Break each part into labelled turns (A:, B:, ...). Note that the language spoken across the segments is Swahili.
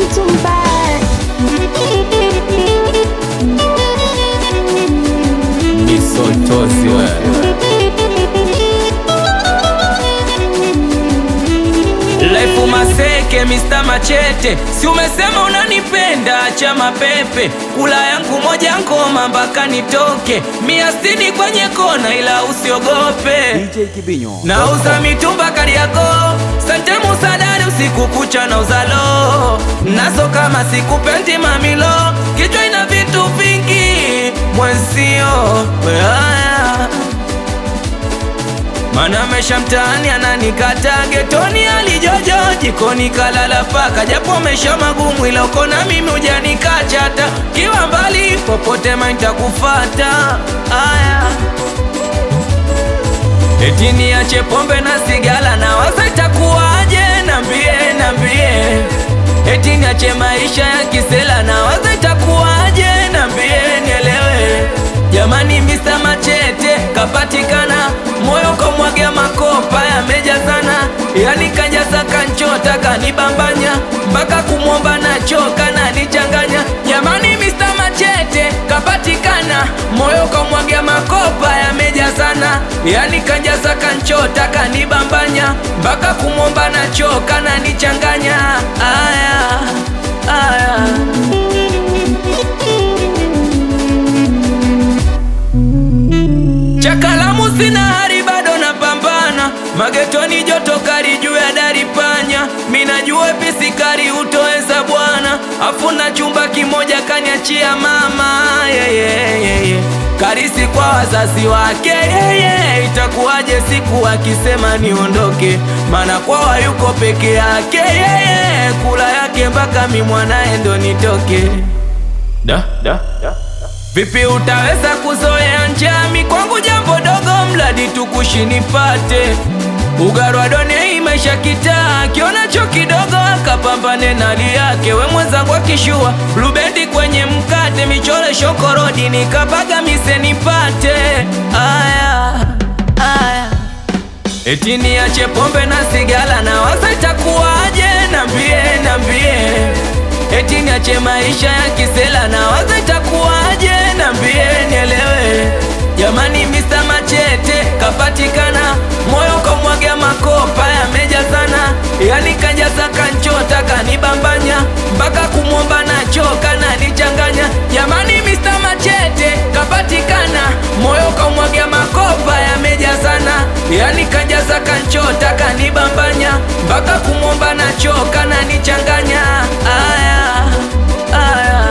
A: mtumbanisotoziwe yake Mr. Machete, si umesema unanipenda chama pepe, kula yangu moja ngoma mpaka nitoke mia sitini kwenye kona, ila usiogope DJ Kibinyo, nauza mitumba Kariakoo, sante musadari usiku kucha na lo nazo kama sikupendi mamilo, kichwa ina vitu vingi mwenzio Mana maisha mtaani ananikataa, getoni alijojo, jikoni kalala paka, japo mesha magumu, ila uko na mimi ujanikachata kiwa mbali popote mimi Aya, eti niache pombe na sigala na waza itakuwaje? Nambie, nambie, eti ache maisha ya kisela, na waza itakuwaje? Nambie nielewe, jamani, misa Machete kapatikana kanibambanya mpaka kumwomba nachoka na nichanganya. Jamani, Mr Machete kapatikana, moyo kamwagia makopa yameja sana, yani kanjaza kanchota kanibambanya mpaka kumwomba nachoka na nichanganya. Aya, aya chakalamu sina Najua pisikari utoweza bwana, afuna chumba kimoja kaniachia mama yeah, yeah, yeah, yeah. Karisi kwa wazazi wake yeah, yeah. Itakuwaje siku akisema niondoke, maana kwawa yuko peke yake yeah, yeah. Kula yake mpaka mi mwanaye ndo nitoke da, da, da. Vipi utaweza kuzoea njami kwangu, jambo dogo mradi tukushinipate ugarwadone maisha kitaa, kionacho kidogo akapambane na yake. We mwenzangu akishua lubendi kwenye mkate, michole shokorodi nikapaga mise nipate aya aya, eti niache pombe na sigala na wasa itakuwaje? Nambie nambie, eti niache maisha ya kisela na wasa itakuwaje? Nambie nielewe mpaka nchota kanibambanya, mpaka kumwomba nachoka nanichanganya. Jamani, Mr. Machete kapatikana, moyo kaumwagia makopa yameja sana, yani kajaza kanchota kanibambanya, mpaka kumwomba nachoka nanichanganya. Aya, aya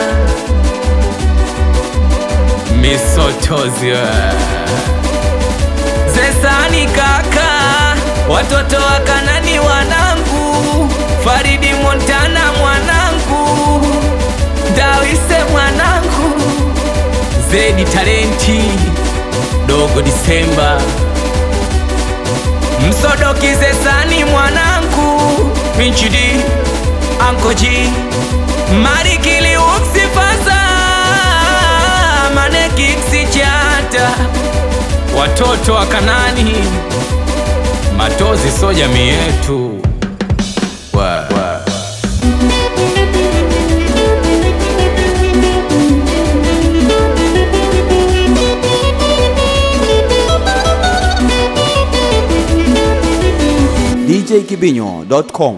A: misochozi zesani kaka, watoto wa Kanani wanangu Montana mwanangu, Dawise mwanangu, Zedi talenti dogo Disemba, msodokize sani mwanangu, Minchidi ankoji marikili uksifaza manekiksichata watoto wa Kanani matozi so jamii yetu jkibinyo.com.